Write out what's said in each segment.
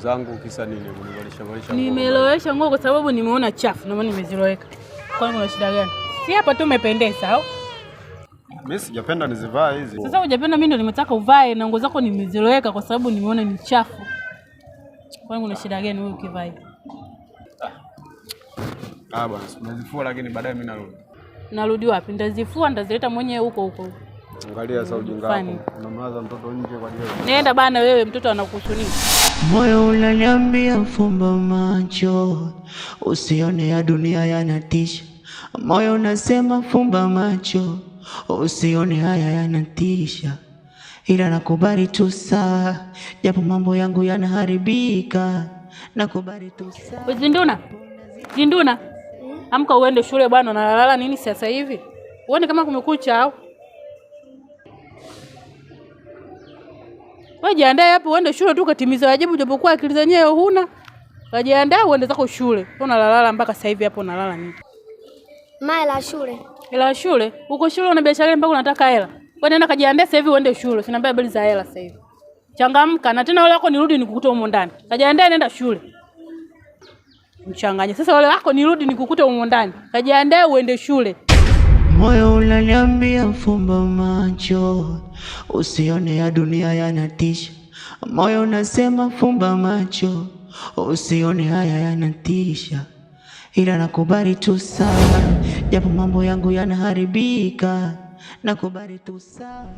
zangu. Kisa nini? Kunivalisha valisha. Nimelowesha nguo kwa sababu nimeona chafu, ndio maana nimeziloweka. Kwani kuna shida gani? Si hapa tu umependeza au? Mimi sijapenda nizivae hizi. Sasa hujapenda, mimi ndio nimetaka uvae, na nguo zako nimeziloweka kwa sababu nimeona ni chafu. Kwani kuna shida gani wewe ukivaa hivi? Ah bwana, unazifua lakini baadaye mimi narudi. Narudi wapi? Ndazifua ndazileta mwenyewe huko huko. Angalia sasa ujinga wako. Unamlaza mtoto nje kwa ajili. Nenda bana wewe, mtoto anakuhusu nini? Moyo unaniambia fumba macho, usione ya dunia yanatisha. Moyo unasema fumba macho, usione haya yanatisha, ila nakubali tu saa, japo mambo yangu yanaharibika, nakubali tu saa. Zinduna, Zinduna, hmm? amka uende shule bwana, unalala nini sasa hivi? Uone kama kumekucha au Wewe jiandae hapo uende shule tu katimiza wajibu japokuwa akili zenyewe huna. Kajiandae uende zako shule. Unalala mpaka sasa hivi hapo unalala nini? Maela shule. Ila shule. Uko shule una biashara mpaka unataka hela. Wewe nenda kajiandae sasa hivi uende shule. Sina mbaya bali za hela sasa hivi. Changamka na tena wale wako nirudi nikukute huko ndani. Kajiandae nenda shule. Mchanganye. Sasa wale wako nirudi nikukute huko ndani. Kajiandae uende shule. Moyo unaniambia fumba macho, usione ya dunia yanatisha. Moyo unasema fumba macho, usione haya yanatisha, ila nakubali tu sawa, japo mambo yangu yanaharibika, nakubali tu sawa.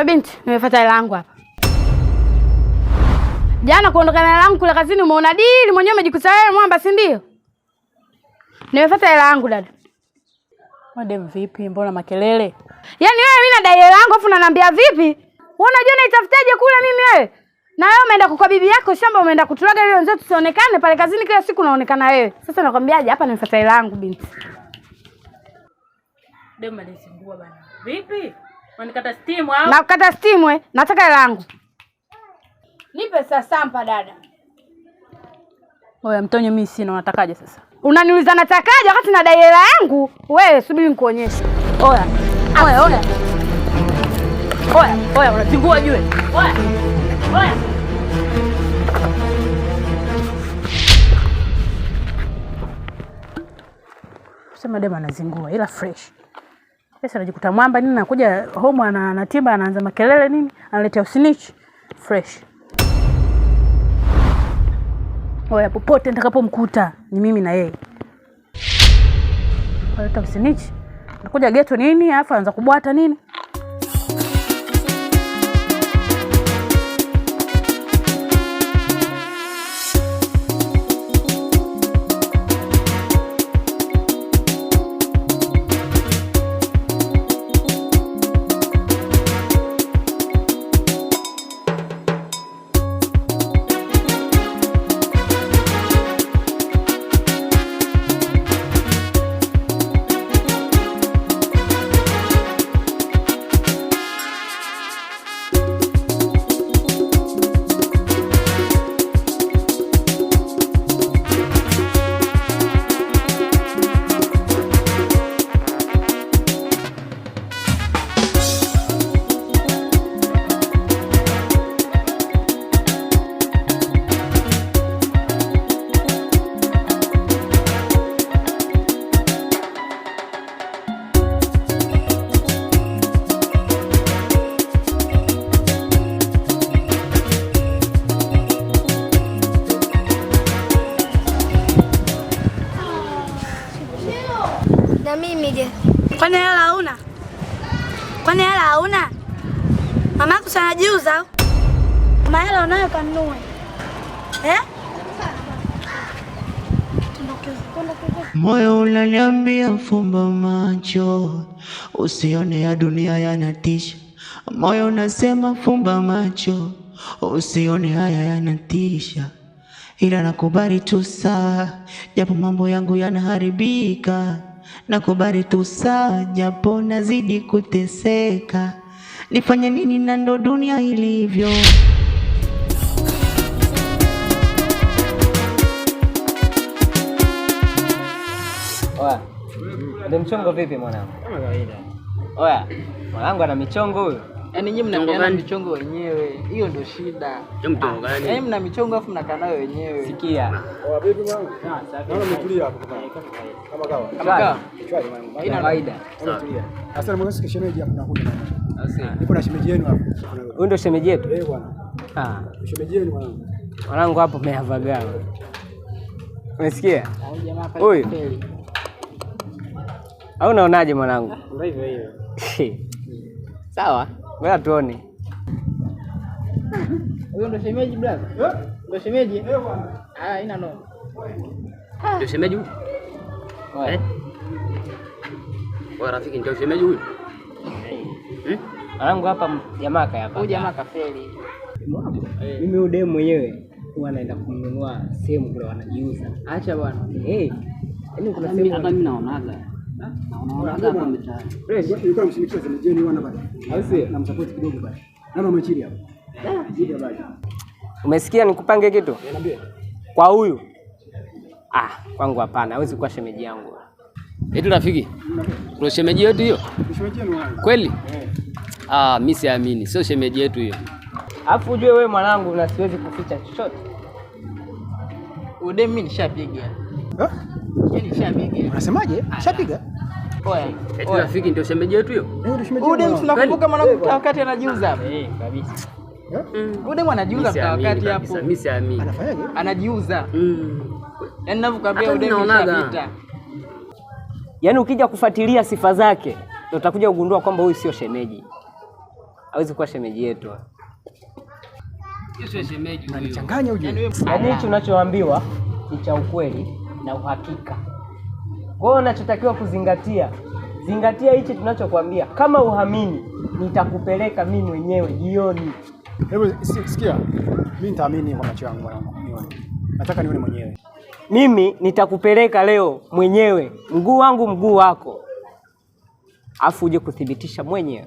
Kwa binti, nimefuata hela yangu hapa. Jana kuondoka na hela yangu kule kazini umeona dili mwenyewe umejikuta wewe mwamba si ndio? Nimefuata hela yangu dada. Madem vipi, mbona makelele? Yaani wewe mimi nadai hela yangu afu unaniambia vipi? Wewe unajua naitafutaje kule mimi wewe? Na wewe umeenda kwa bibi yako shamba umeenda kutulaga ile wenzetu tusionekane pale kazini kila siku unaonekana wewe. Sasa nakwambiaje hapa nimefuata hela yangu binti. Dema nisimbua bana. Vipi? Unanikata stimu au? Na kukata stimu eh, nataka langu. Nipe sasampa dada. Oya Mtonyo, mimi sina, unatakaje sasa? Unaniuliza natakaje wakati na hela yangu? Wewe subiri nikuonyeshe. Oya. Oya, oya. Oya, oya, unazingua jiwe. Oya. Oya. Sema dema anazingua ila fresh. Sasa anajikuta mwamba nini, anakuja home anatimba, anaanza makelele nini, analetea usinichi fresh. Oya, popote nitakapomkuta ni mimi na yeye, analeta usinichi, Nakuja geto nini, alafu anaanza kubwata nini usanajiuza mahela unayo kanunue eh? Moyo unaniambia fumba macho, usione ya dunia yanatisha. Moyo unasema fumba macho, usione haya yanatisha, ila nakubali tu saa, japo mambo yangu yanaharibika. Nakubali tu saa, japo nazidi kuteseka nifanye nini na ndo dunia ilivyo. Oya, ndio mchongo vipi mwanangu? Oya, mwanangu ana michongo huyo. Yaani nyinyi mnapeana michongo wenyewe, hiyo ndio shida. Mchongo ah, gani? Yaani mna michongo afu mnakaa nayo wenyewe. Sikia. vipi ah, mwanangu? Ah, Naona umetulia hapo kama kama kawa. kawa. Ina kawaida. Nipo na shemeji yenu hapo. Huyu ndio shemeji yetu? Eh, bwana. Ah. Shemeji yenu mwanangu. Mwanangu hapo mehavagawa. Umesikia? Huyu. Au unaonaje mwanangu? Ndio hivyo hivyo. Sawa. Wewe tuone. Huyo ndo shemeji brother? Eh? Ndo shemeji? Eh bwana. Ah, ina no. Ah. Ndo shemeji huyo? Eh? Wewe rafiki ndio shemeji huyo? Eh? Hmm? Wanangu hapa jamaa kaya hapa. Huyu jamaa kafeli. Eh. Mimi udem mwenyewe huwa naenda kununua sehemu kule wanajiuza. Acha bwana. Eh. Yaani kuna sehemu mimi naonaga Umesikia nikupange kitu? Kwa huyu. Ah, kwangu hapana. Hawezi kuwa shemeji yangu. Eti rafiki. Kuna shemeji yetu hiyo? Shemeji Kweli? Eh. Ah, mimi siamini. Sio shemeji yetu hiyo. Alafu ujue wewe mwanangu na siwezi kuficha chochote. Udemi nishapiga. Eh? Yaani Unasemaje? Shapiga? Oya. Eti rafiki ndio shemeji yetu hiyo? Huyu Ude tunakumbuka mwanangu wakati anajiuza hapa. Eh, kabisa. Eh? Mm. Ude anajiuza kwa wakati hapo. Mimi siamini. Anafanyaje? Anajiuza. Mm. Yaani ninavyokuambia Ude mshapita. Yaani ukija kufuatilia sifa zake utakuja kugundua kwamba huyu sio shemeji. Hawezi kuwa shemeji yetu. Sio shemeji huyu. Unanichanganya huyu. Yaani tunachoambiwa yaani ni cha ukweli na uhakika. Kwa hiyo unachotakiwa kuzingatia, zingatia hichi tunachokwambia. Kama uhamini, nitakupeleka mimi mwenyewe jioni. Hebu sikia, mimi nitaamini kwa macho yangu mwanangu, nataka nione mwenyewe. Mimi nitakupeleka leo mwenyewe, mguu wangu mguu wako, afu uje kuthibitisha mwenyewe.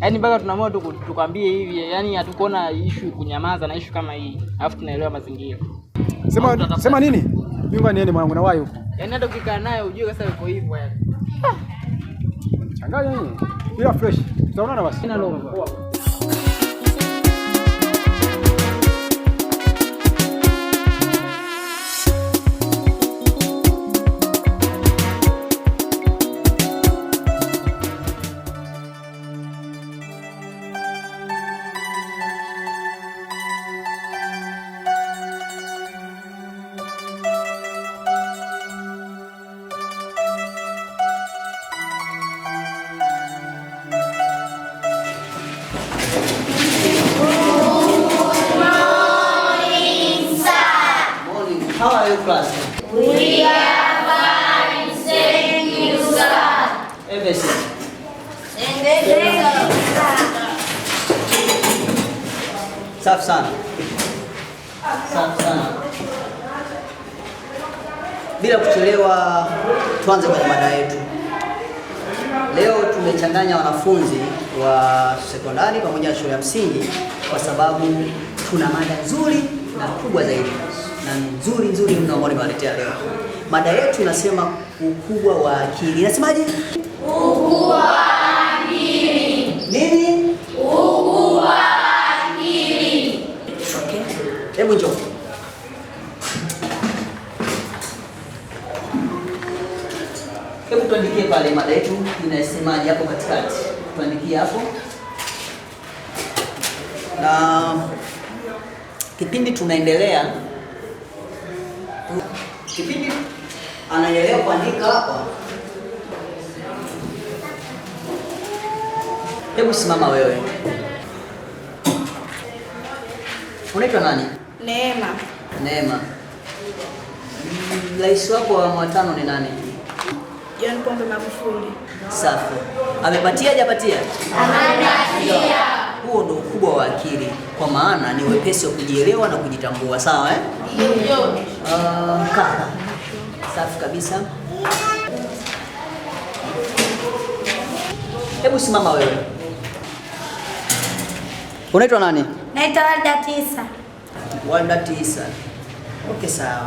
Yaani mpaka tunaamua tukwambie hivi, yani hatukuona ishu kunyamaza na ishu kama hii, alafu tunaelewa mazingira. Sema, sema nini? Bingwa niende mwanangu na wayo. huko. Yaani hata ukikaa naye ujue sasa yuko hivyo yani. Changanya nini? Bila fresh. Tutaonana basi. Sina longo. Safi sana, safi sana. Bila kuchelewa, tuanze kwenye mada yetu leo. Tumechanganya wanafunzi wa sekondari pamoja na shule ya msingi kwa sababu tuna mada nzuri na kubwa zaidi na nzuri nzuri mno ambayo nimewaletea leo. Mada yetu inasema ukubwa wa akili. Inasemaje? Ukubwa Hebu njoo. Hebu tuandikie pale mada yetu inasemaje hapo katikati. Tuandikie hapo. Na kipindi tunaendelea kipindi anaendelea kuandika hapa. Hebu simama wewe. Unaitwa nani? Neema. Neema. Mm, rais wako wa awamu ya tano ni nani? John Pombe Magufuli. Safi. Amepatia hajapatia? Amepatia. Huo ndo ukubwa wa akili, kwa maana ni wepesi wa kujielewa na kujitambua. Sawa eh? Ndio. Uh, Safi kabisa. Hebu simama wewe. Unaitwa nani? Naitwa Warda Tisa wanda tisa. Okay, sawa.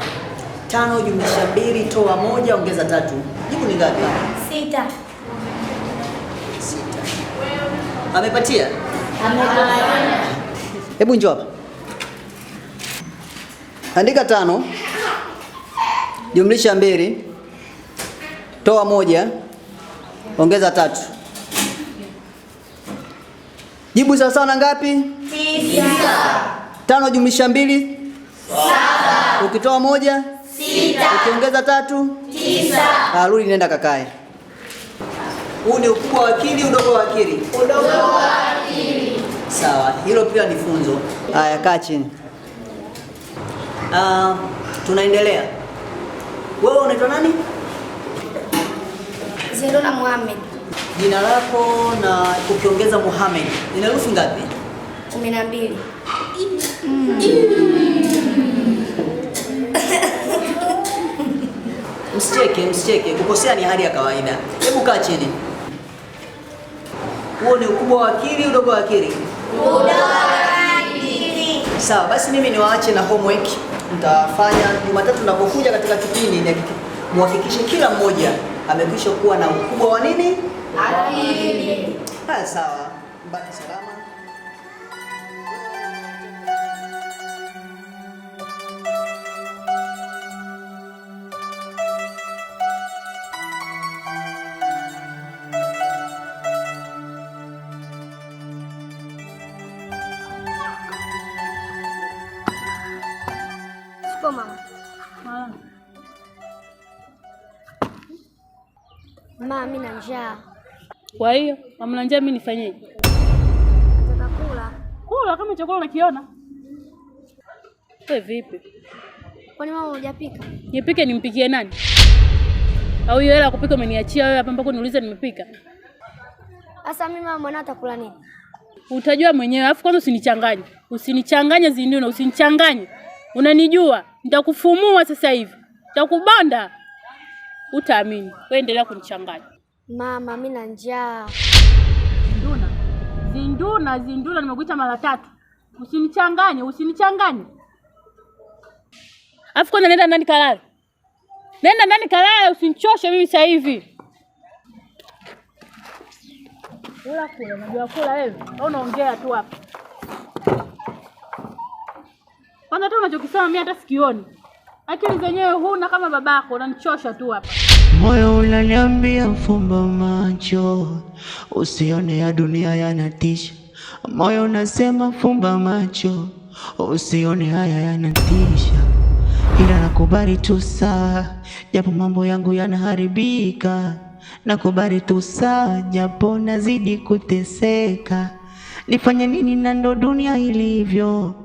Tano jumlisha mbili toa moja ongeza tatu, jibu ni ngapi? Sita. Sita. Amepatia? Hebu njoo hapa, andika tano jumlisha mbili toa moja ongeza tatu, jibu sawasawa na ngapi? Tisa. Tano jumlisha mbili saba, ukitoa moja sita, ukiongeza tatu tisa. Rudi nenda kakae. Huu ni ukubwa wa akili, udogo wa akili, udogo wa akili. Sawa, hilo pia ni funzo. Haya, kaa chini. Uh, tunaendelea. Wewe unaitwa nani? Zerona Mohamed. Jina lako na ukiongeza Muhammad, ina herufi ngapi? 12. Msicheke, msicheke, kukosea ni hali ya kawaida. Hebu kaa chini. Huo ni ukubwa wa akili, udogo wa akili? Udogo wa akili. Sawa, basi mimi niwaache na homework. Nitafanya Jumatatu napokuja katika kipindi, muhakikishe kila mmoja amekwisha kuwa na ukubwa wa nini? Akili. Sawa, mbaki salama. Ma, mimi na njaa. Kwa hiyo mama na njaa, mimi nifanyeje? Nataka kula. Kula kama chakula unakiona. Wewe vipi? Kwani mama hujapika? Nipike nimpikie nani? Au hiyo hela kupika umeniachia wewe hapa mpaka niulize nimepika? Sasa mimi mama mwana atakula nini? Utajua mwenyewe. Alafu kwanza usinichanganye. Usinichanganye zindio na usinichanganye. Unanijua, nitakufumua sasa hivi. Nitakubanda. Utaamini. Wewe endelea kunichanganya. Mama, mimi na njaa. Zinduna, zinduna, zinduna, nimekuita mara tatu. Usinichanganye, usinichanganye. Afu kwanza nenda ndani kalala. Nenda ndani kalala, usinichoshe mimi sasa hivi. Kula kula, unajua kula wewe. Au unaongea tu hapa. Kwanza tu unachokisema mimi hata sikioni. Akili zenyewe huna kama babako, unanichosha tu hapa. Moyo unaniambia fumba macho, usione ya dunia yanatisha. Moyo unasema fumba macho, usione haya yanatisha, ila nakubali tu saa, japo mambo yangu yanaharibika. Nakubali tu saa, japo nazidi kuteseka. Nifanye nini na ndo dunia ilivyo